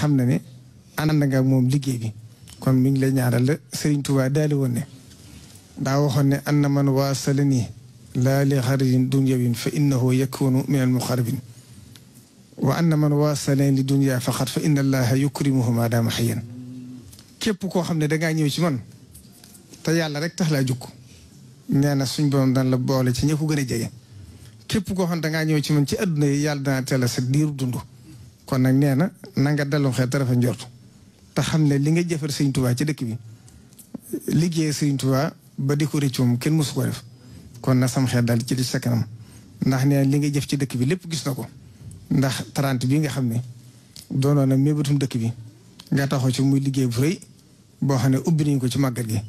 xam na ne anna nga moom liggéey bi kon mi ngi lay ñaanal la Serigne Touba daali woon ne daa waxoon ne anna man waasala nii laa li xarajin dunyawin fa innahu yakunu min al muqarrabin wa anna man waasala li dunya faqat fa inna allaha yukrimuhu ma daama xayyan képp koo xam ne dangaa ñëw ci man te yàlla rek tax laa jukk nee na suñ borom daan la boole ci ña ko gën a jege képp koo xam ne dangaa ñëw ci man ci adduna yi yàlla danaa teel a sa diiru dund kon nag nee na na nga delloo xel te rafet njort te xam ne li nga jëfar sëñ Tuubaa ci dëkk bi liggéey sëñ Tuubaa ba di ko rëccu kenn mësu ko def kon na sam xeet dal ci li sa ndax nee li nga jëf ci dëkk bi lépp gis na ko ndax trente bi nga xam ne doonoon na mébatum dëkk bi nga ko ci muy liggéey bu rëy boo xam ne ubbi nañ ko ci màggal gi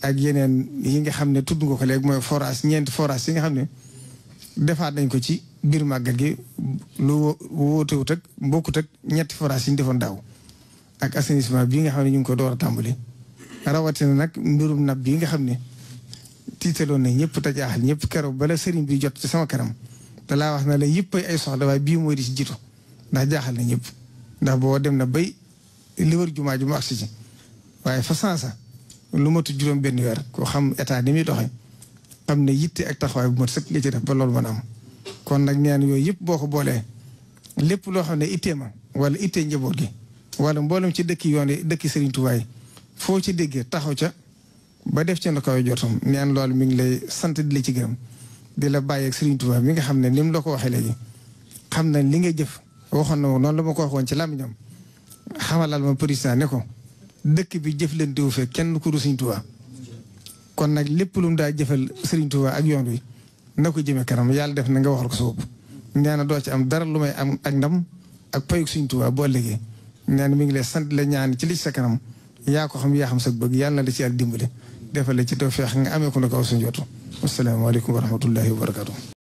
ak yeneen yi nga xam ne tudd nga ko léegi mooy forage ñeenti forage yi nga xam ne defaat nañ ko ci biir màggal gi lu wóotewut ak bokkut ak ñetti forage yi defoon daaw ak assainissement bii nga xam ne ñu ngi ko door a tàmbali rawatina nag mbirum nag bii nga xam ne tiitaloon na ñëpp te jaaxal ñëpp keroog bala sëriñ bi jot ci sama kanam te wax na la yëpp ay soxla waaye bii mooy di ci jiitu ndax jaaxal na ñëpp ndax boo dem na bay li wër jumaa ju mu agsi ci waaye fa sansa lu matu juróom benn weer ko xam état ni muy doxee am ne yitte ak taxawaay bu mat sëkk nga ci def ba loolu mën am kon nag ñaan yooyu yëpp boo ko boolee lépp loo xam ne ittee ma wala ittee njaboot gi wala mboolem ci dëkk yoon yi dëkki Serigne foo ci déggee taxaw ca ba def ci na kaw jotam ñaan loolu mi ngi lay sant di la ci gërëm di la bàyyi ak Serigne mi nga xam ne ni mu la ko waxee léegi xam na li nga jëf waxoon na noonu la ma ko waxoon ci làmmiñam xamalal ma président ne ko dëkk bi jëf leen diw fee kenn ku du Serigne Touba kon nag lépp lu mu daa jëfal Serigne ak yoon wi na ko jëmee kanam yàlla def na nga waxal ko sa bopp nee na doo ci am dara lu may am ak nam ak payug Serigne Touba boo liggéey nee na mi ngi lay sant la ñaan ci li sa kanam yaa ko xam yaa xam sa bëgg yàlla na la ci yàlla dimbale defal la ci tawfeex nga amee ko na kaw sa njot asalaamaaleykum wa rahmatullahi wa barakatu